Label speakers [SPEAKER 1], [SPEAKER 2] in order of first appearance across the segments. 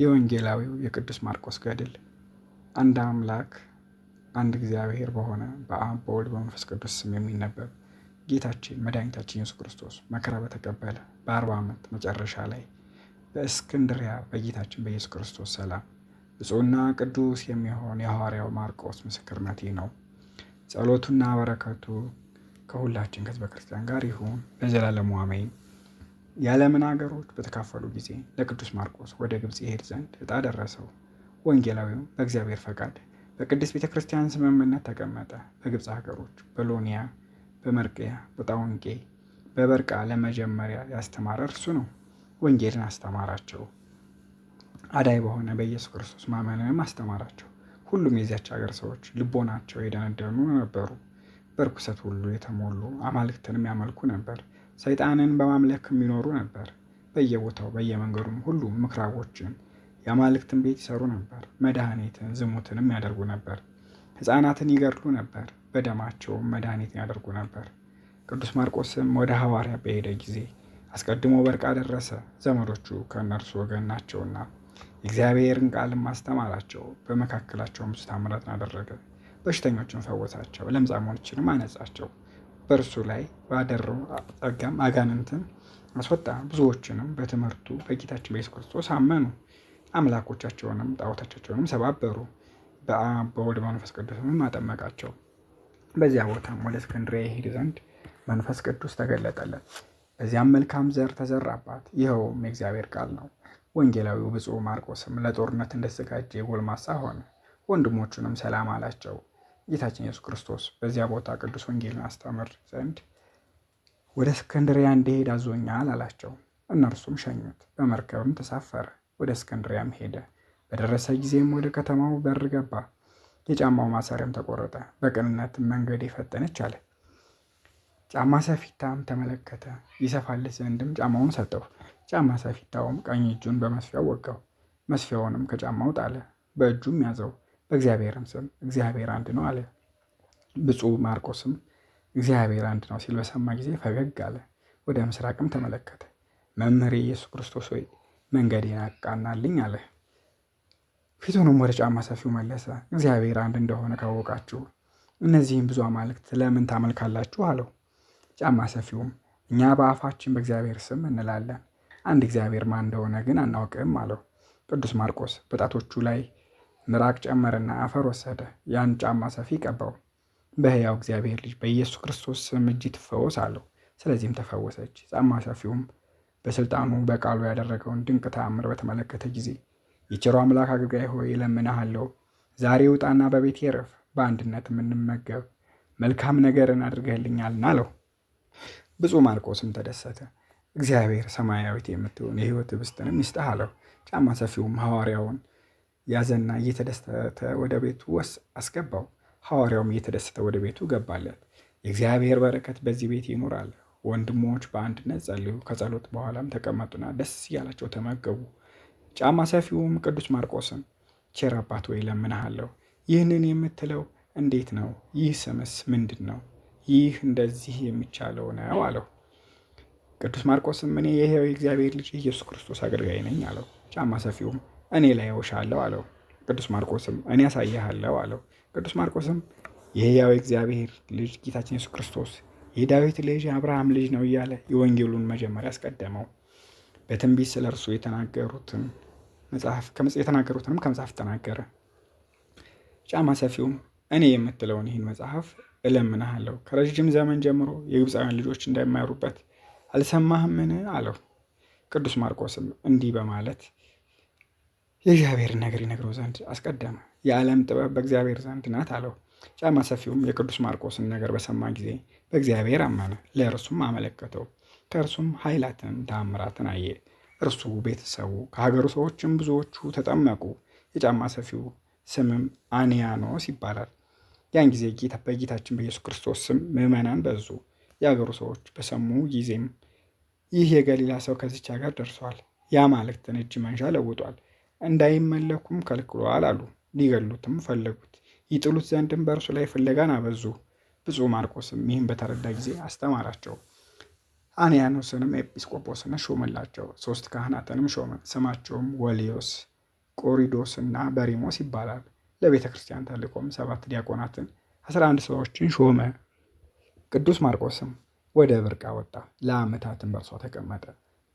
[SPEAKER 1] የወንጌላዊው የቅዱስ ማርቆስ ገድል አንድ አምላክ አንድ እግዚአብሔር በሆነ በአብ በወልድ በመንፈስ ቅዱስ ስም የሚነበብ ጌታችን መድኃኒታችን ኢየሱስ ክርስቶስ መከራ በተቀበለ በአርባ ዓመት መጨረሻ ላይ በእስክንድሪያ በጌታችን በኢየሱስ ክርስቶስ ሰላም ብፁዕና ቅዱስ የሚሆን የሐዋርያው ማርቆስ ምስክርነት ነው። ጸሎቱና በረከቱ ከሁላችን ከሕዝበ ክርስቲያን ጋር ይሁን ለዘላለሙ አሜን። የዓለምን አገሮች በተካፈሉ ጊዜ ለቅዱስ ማርቆስ ወደ ግብፅ ይሄድ ዘንድ ዕጣ ደረሰው። ወንጌላዊው በእግዚአብሔር ፈቃድ በቅድስት ቤተ ክርስቲያን ስምምነት ተቀመጠ። በግብፅ ሀገሮች በሎኒያ፣ በመርቅያ፣ በጣውንቄ፣ በበርቃ ለመጀመሪያ ያስተማረ እርሱ ነው። ወንጌልን አስተማራቸው። አዳይ በሆነ በኢየሱስ ክርስቶስ ማመንንም አስተማራቸው። ሁሉም የዚያች ሀገር ሰዎች ልቦናቸው የደነደኑ ነበሩ። በርኩሰት ሁሉ የተሞሉ አማልክትንም ያመልኩ ነበር። ሰይጣንን በማምለክ የሚኖሩ ነበር። በየቦታው በየመንገዱም ሁሉ ምኩራቦችን የአማልክትን ቤት ይሰሩ ነበር። መድኃኒትን፣ ዝሙትንም ያደርጉ ነበር። ሕፃናትን ይገድሉ ነበር፣ በደማቸውም መድኃኒትን ያደርጉ ነበር። ቅዱስ ማርቆስም ወደ ሐዋርያ በሄደ ጊዜ አስቀድሞ በርቃ ደረሰ። ዘመዶቹ ከእነርሱ ወገን ናቸውና የእግዚአብሔርን ቃልም አስተማራቸው። በመካከላቸውም ብዙ ተአምራትን አደረገ። በሽተኞችን ፈወሳቸው፣ ለምጻሞችንም አነጻቸው። በእርሱ ላይ ባደረው ጸጋም አጋንንትን አስወጣ። ብዙዎችንም በትምህርቱ በጌታችን በኢየሱስ ክርስቶስ አመኑ። አምላኮቻቸውንም ጣዖቶቻቸውንም ሰባበሩ። በአብ በወልድ በመንፈስ ቅዱስም አጠመቃቸው። በዚያ ቦታም ወደ እስክንድርያ ይሄድ ዘንድ መንፈስ ቅዱስ ተገለጠለት። በዚያም መልካም ዘር ተዘራባት፣ ይኸውም የእግዚአብሔር ቃል ነው። ወንጌላዊው ብፁዕ ማርቆስም ለጦርነት እንደተዘጋጀ የጎልማሳ ሆነ። ወንድሞቹንም ሰላም አላቸው። ጌታችን ኢየሱስ ክርስቶስ በዚያ ቦታ ቅዱስ ወንጌልን አስተምር ዘንድ ወደ እስከንድሪያ እንዲሄድ አዞኛል አላቸው። እነርሱም ሸኙት። በመርከብም ተሳፈረ፣ ወደ እስከንድሪያም ሄደ። በደረሰ ጊዜም ወደ ከተማው በር ገባ። የጫማው ማሰሪያም ተቆረጠ። በቅንነት መንገድ የፈጠነች አለ። ጫማ ሰፊታም ተመለከተ፣ ይሰፋለት ዘንድም ጫማውን ሰጠው። ጫማ ሰፊታውም ቀኝ እጁን በመስፊያው ወጋው፣ መስፊያውንም ከጫማው ጣለ፣ በእጁም ያዘው። በእግዚአብሔርም ስም እግዚአብሔር አንድ ነው አለ። ብፁዕ ማርቆስም እግዚአብሔር አንድ ነው ሲል በሰማ ጊዜ ፈገግ አለ፣ ወደ ምስራቅም ተመለከተ። መምህር ኢየሱስ ክርስቶስ ሆይ መንገዴን አቃናልኝ አለ። ፊቱንም ወደ ጫማ ሰፊው መለሰ። እግዚአብሔር አንድ እንደሆነ ካወቃችሁ እነዚህም ብዙ አማልክት ለምን ታመልካላችሁ? አለው። ጫማ ሰፊውም እኛ በአፋችን በእግዚአብሔር ስም እንላለን፣ አንድ እግዚአብሔር ማን እንደሆነ ግን አናውቅም አለው። ቅዱስ ማርቆስ በጣቶቹ ላይ ምራቅ ጨመረና አፈር ወሰደ። ያን ጫማ ሰፊ ቀባው። በሕያው እግዚአብሔር ልጅ በኢየሱስ ክርስቶስ ስም እጅ ትፈወስ አለው። ስለዚህም ተፈወሰች። ጫማ ሰፊውም በስልጣኑ በቃሉ ያደረገውን ድንቅ ተአምር በተመለከተ ጊዜ የቸሩ አምላክ አገልጋይ ሆይ እለምንሃለሁ፣ ዛሬ ውጣና በቤቴ እረፍ፣ በአንድነት የምንመገብ መልካም ነገርን አድርገህልኛልና አለው። ብፁዕ ማርቆስም ተደሰተ። እግዚአብሔር ሰማያዊት የምትሆን የሕይወት ህብስትንም ይስጥህ አለው። ጫማ ሰፊውም ሐዋርያውን ያዘና እየተደሰተ ወደ ቤቱ አስገባው። ሐዋርያውም እየተደሰተ ወደ ቤቱ ገባለት። የእግዚአብሔር በረከት በዚህ ቤት ይኖራል። ወንድሞች በአንድነት ጸልዩ። ከጸሎት በኋላም ተቀመጡና ደስ እያላቸው ተመገቡ። ጫማ ሰፊውም ቅዱስ ማርቆስም ቸር አባት ወይ ለምንሃለሁ፣ ይህንን የምትለው እንዴት ነው? ይህ ስምስ ምንድን ነው? ይህ እንደዚህ የሚቻለው ነው አለው። ቅዱስ ማርቆስም እኔ ይሄው የእግዚአብሔር ልጅ ኢየሱስ ክርስቶስ አገልጋይ ነኝ አለው። ጫማ ሰፊውም እኔ ላይ ያውሻለሁ አለው። ቅዱስ ማርቆስም እኔ ያሳይሃለሁ አለው። ቅዱስ ማርቆስም የሕያው እግዚአብሔር ልጅ ጌታችን የሱስ ክርስቶስ የዳዊት ልጅ የአብርሃም ልጅ ነው እያለ የወንጌሉን መጀመሪያ አስቀደመው። በትንቢት ስለ እርሱ የተናገሩትንም ከመጽሐፍ ተናገረ። ጫማ ሰፊውም እኔ የምትለውን ይህን መጽሐፍ እለምንሃለሁ ከረዥም ዘመን ጀምሮ የግብፃውያን ልጆች እንዳይማሩበት አልሰማህምን? አለው። ቅዱስ ማርቆስም እንዲህ በማለት የእግዚአብሔር ነገር ይነግረው ዘንድ አስቀደመ። የዓለም ጥበብ በእግዚአብሔር ዘንድ ናት አለው። ጫማ ሰፊውም የቅዱስ ማርቆስን ነገር በሰማ ጊዜ በእግዚአብሔር አመነ፣ ለእርሱም አመለከተው። ከእርሱም ኃይላትን ተአምራትን አየ። እርሱ ቤተሰቡ፣ ከሀገሩ ሰዎችም ብዙዎቹ ተጠመቁ። የጫማ ሰፊው ስምም አንያኖስ ይባላል። ያን ጊዜ በጌታችን በኢየሱስ ክርስቶስ ስም ምዕመናን በዙ። የአገሩ ሰዎች በሰሙ ጊዜም ይህ የገሊላ ሰው ከዚች ሀገር ደርሷል፣ የአማልክትን እጅ መንሻ ለውጧል እንዳይመለኩም ከልክሏል አሉ። ሊገሉትም ፈለጉት። ይጥሉት ዘንድም በእርሱ ላይ ፍለጋን አበዙ። ብፁዕ ማርቆስም ይህን በተረዳ ጊዜ አስተማራቸው። አንያኖስንም ኤጲስቆጶስን ሾመላቸው። ሶስት ካህናትንም ሾመ። ስማቸውም ወሊዮስ ቆሪዶስና በሪሞስ ይባላል። ለቤተ ክርስቲያን ተልእኮም ሰባት ዲያቆናትን አስራ አንድ ሰዎችን ሾመ። ቅዱስ ማርቆስም ወደ ብርቃ ወጣ። ለዓመታትን በእርሷ ተቀመጠ።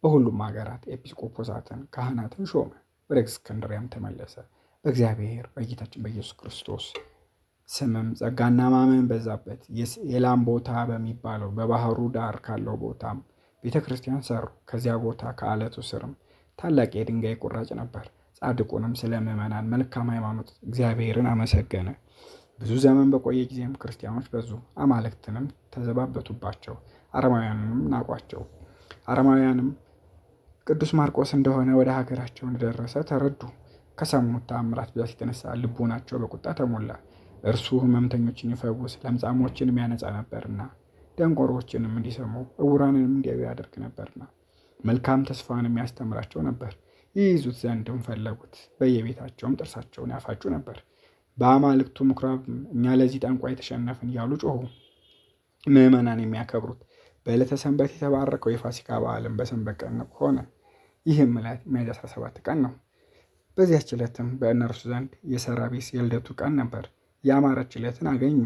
[SPEAKER 1] በሁሉም ሀገራት ኤጲስቆጶሳትን ካህናትን ሾመ። ወደ እስክንድሪያም ተመለሰ። በእግዚአብሔር በጌታችን በኢየሱስ ክርስቶስ ስምም ጸጋና ማመን በዛበት። የላም ቦታ በሚባለው በባህሩ ዳር ካለው ቦታም ቤተ ክርስቲያን ሰሩ። ከዚያ ቦታ ከአለቱ ስርም ታላቅ የድንጋይ ቁራጭ ነበር። ጻድቁንም ስለ ምዕመናን መልካም ሃይማኖት እግዚአብሔርን አመሰገነ። ብዙ ዘመን በቆየ ጊዜም ክርስቲያኖች በዙ፣ አማልክትንም ተዘባበቱባቸው፣ አረማውያንንም ናቋቸው። አረማውያንም ቅዱስ ማርቆስ እንደሆነ ወደ ሀገራቸው እንደደረሰ ተረዱ። ከሰሙት ተአምራት ብዛት የተነሳ ልቦናቸው በቁጣ ተሞላ። እርሱ ሕመምተኞችን ይፈውስ፣ ለምጻሞችን የሚያነጻ ነበርና፣ ደንቆሮዎችንም እንዲሰሙ እውራንንም እንዲያዩ ያደርግ ነበርና፣ መልካም ተስፋን የሚያስተምራቸው ነበር። ይይዙት ዘንድም ፈለጉት። በየቤታቸውም ጥርሳቸውን ያፋጩ ነበር። በአማልክቱ ምኩራብ እኛ ለዚህ ጠንቋ የተሸነፍን እያሉ ጮኹ። ምዕመናን የሚያከብሩት በዕለተ ሰንበት የተባረከው የፋሲካ በዓልም በሰንበት ቀን ሆነ። ይህም ዕለት ሚያዝያ 17 ቀን ነው። በዚያች ዕለትም በእነርሱ ዘንድ የሰራ የሰራቢስ የልደቱ ቀን ነበር። የአማረች ዕለትን አገኙ።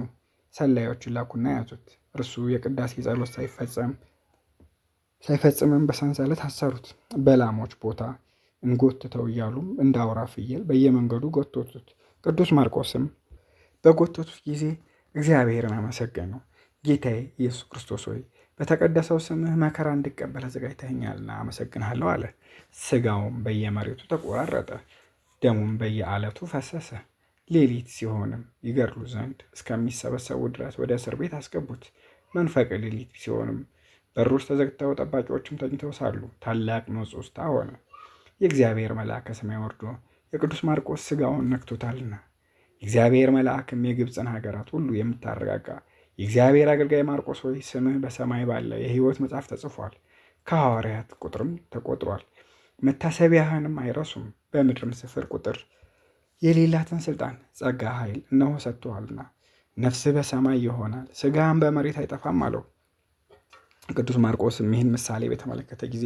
[SPEAKER 1] ሰላዮችን ላኩና ያዙት። እርሱ የቅዳሴ ጸሎት ሳይፈጸም ሳይፈጽምም በሰንሰለት አሰሩት። በላሞች ቦታ እንጎትተው እያሉም እንደ አውራ ፍየል በየመንገዱ ጎተቱት። ቅዱስ ማርቆስም በጎተቱት ጊዜ እግዚአብሔርን አመሰገነው። ጌታዬ ኢየሱስ ክርስቶስ ሆይ በተቀደሰው ስምህ መከራ እንድቀበል አዘጋጅተኸኛልና አመሰግንሃለሁ አለ። ስጋውም በየመሬቱ ተቆራረጠ፣ ደሙም በየአለቱ ፈሰሰ። ሌሊት ሲሆንም ይገድሉ ዘንድ እስከሚሰበሰቡ ድረስ ወደ እስር ቤት አስገቡት። መንፈቀ ሌሊት ሲሆንም በሮች ተዘግተው ጠባቂዎችም ተኝተው ሳሉ ታላቅ ንውጽውጽታ ሆነ። የእግዚአብሔር መልአክ ከሰማይ ወርዶ የቅዱስ ማርቆስ ስጋውን ነክቶታልና። የእግዚአብሔር መልአክም የግብፅን ሀገራት ሁሉ የምታረጋጋ የእግዚአብሔር አገልጋይ ማርቆስ ሆይ ስምህ በሰማይ ባለ የህይወት መጽሐፍ ተጽፏል፣ ከሐዋርያት ቁጥርም ተቆጥሯል። መታሰቢያህንም አይረሱም፣ በምድርም ስፍር ቁጥር የሌላትን ስልጣን፣ ጸጋ፣ ኃይል እነሆ ሰጥቶሃልና ነፍስህ በሰማይ ይሆናል፣ ሥጋህም በመሬት አይጠፋም አለው። ቅዱስ ማርቆስም ይህን ምሳሌ በተመለከተ ጊዜ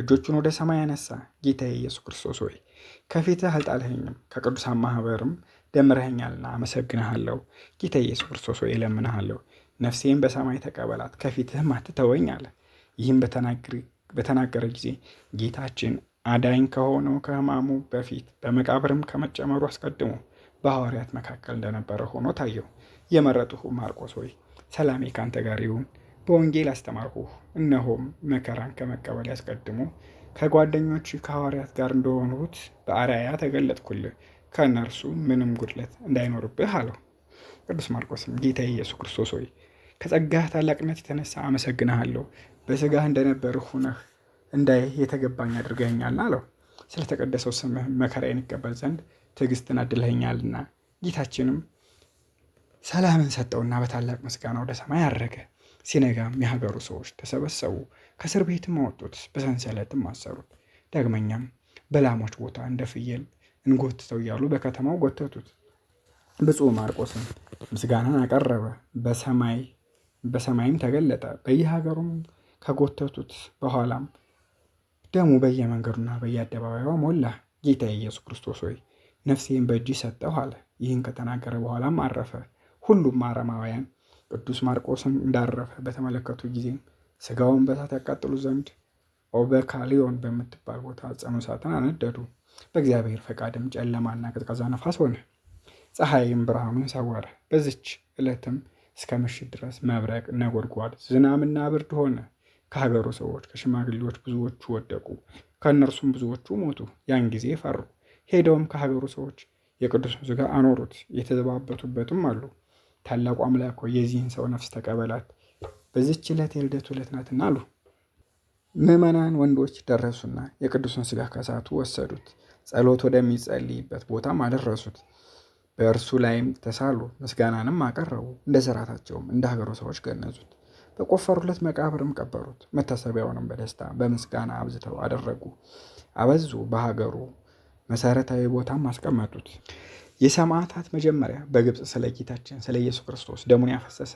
[SPEAKER 1] እጆቹን ወደ ሰማይ አነሳ። ጌታዬ ኢየሱስ ክርስቶስ ሆይ ከፊትህ አልጣልኸኝም፣ ከቅዱሳን ማኅበርም ደምረኸኛልና አመሰግንሃለሁ። ጌታ ኢየሱስ ክርስቶስ ሆይ እለምንሃለሁ፣ ነፍሴን በሰማይ ተቀበላት፣ ከፊትህም አትተወኝ አለ። ይህም በተናገረ ጊዜ ጌታችን አዳኝ ከሆነው ከህማሙ በፊት በመቃብርም ከመጨመሩ አስቀድሞ በሐዋርያት መካከል እንደነበረ ሆኖ ታየው። የመረጥሁ ማርቆስ ሆይ ሰላሜ ካንተ ጋር ይሁን። በወንጌል አስተማርሁህ። እነሆም መከራን ከመቀበል ያስቀድሞ ከጓደኞች ከሐዋርያት ጋር እንደሆኑት በአርአያ ተገለጥኩልህ፣ ከእነርሱ ምንም ጉድለት እንዳይኖርብህ አለው። ቅዱስ ማርቆስም ጌታ ኢየሱስ ክርስቶስ ሆይ ከጸጋህ ታላቅነት የተነሳ አመሰግንሃለሁ። በስጋህ እንደነበር ሁነህ እንዳይ የተገባኝ አድርገኸኛልና አለው። ስለተቀደሰው ስምህ መከራዬን ይቀበል ዘንድ ትዕግስትን አድልኸኛልና። ጌታችንም ሰላምን ሰጠውና በታላቅ ምስጋና ወደ ሰማይ አረገ። ሲነጋም የሀገሩ ሰዎች ተሰበሰቡ፣ ከእስር ቤትም አወጡት፣ በሰንሰለትም አሰሩት። ዳግመኛም በላሞች ቦታ እንደ ፍየል እንጎትተው እያሉ በከተማው ጎተቱት። ብፁዕ ማርቆስም ምስጋናን አቀረበ፣ በሰማይ በሰማይም ተገለጠ። በየሀገሩም ከጎተቱት በኋላም ደሙ በየመንገዱና በየአደባባዩ ሞላ። ጌታ ኢየሱስ ክርስቶስ ሆይ ነፍሴን በእጅ ሰጠሁ አለ። ይህን ከተናገረ በኋላም አረፈ። ሁሉም አረማውያን ቅዱስ ማርቆስም እንዳረፈ በተመለከቱ ጊዜም ስጋውን በእሳት ያቃጥሉ ዘንድ ኦበካሊዮን በምትባል ቦታ ጽኑ እሳትን አነደዱ። በእግዚአብሔር ፈቃድም ጨለማና ቀዝቃዛ ነፋስ ሆነ። ፀሐይም ብርሃኑን ሰወረ። በዚች ዕለትም እስከ ምሽት ድረስ መብረቅ፣ ነጎድጓድ፣ ዝናምና ብርድ ሆነ። ከሀገሩ ሰዎች ከሽማግሌዎች ብዙዎቹ ወደቁ፣ ከእነርሱም ብዙዎቹ ሞቱ። ያን ጊዜ ፈሩ። ሄደውም ከሀገሩ ሰዎች የቅዱስ ስጋ አኖሩት፣ የተዘባበቱበትም አሉ። ታላቁ አምላክ ሆይ የዚህን ሰው ነፍስ ተቀበላት፣ በዚች ዕለት የልደት ዕለት ናትና አሉ። ምዕመናን ወንዶች ደረሱና የቅዱሱን ስጋ ከሳቱ ወሰዱት። ጸሎት ወደሚጸልይበት ቦታም አደረሱት። በእርሱ ላይም ተሳሉ፣ ምስጋናንም አቀረቡ። እንደ ሥርዓታቸውም እንደ ሀገሩ ሰዎች ገነዙት። በቆፈሩለት መቃብርም ቀበሩት። መታሰቢያውንም በደስታ በምስጋና አብዝተው አደረጉ፣ አበዙ። በሀገሩ መሰረታዊ ቦታም አስቀመጡት። የሰማዕታት መጀመሪያ በግብፅ ስለ ጌታችን ስለ ኢየሱስ ክርስቶስ ደሙን ያፈሰሰ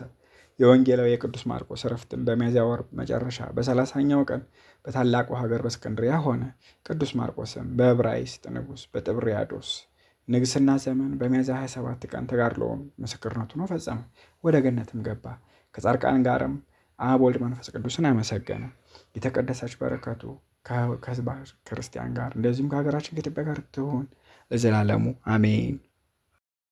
[SPEAKER 1] የወንጌላዊ የቅዱስ ማርቆስ ዕረፍትን በሚያዝያ ወር መጨረሻ በሰላሳኛው ቀን በታላቁ ሀገር በእስክንድሪያ ሆነ። ቅዱስ ማርቆስም በዕብራይስጥ ንጉሥ በጥብርያዶስ ንግሥና ዘመን በሚያዝያ 27 ቀን ተጋድሎውን ነው ፈጸመ። ወደ ገነትም ገባ። ከጻድቃን ጋርም አብ ወልድ መንፈስ ቅዱስን አመሰገነ። የተቀደሰች በረከቱ ከህዝባ ክርስቲያን ጋር እንደዚሁም ከሀገራችን ከኢትዮጵያ ጋር ትሆን ለዘላለሙ አሜን።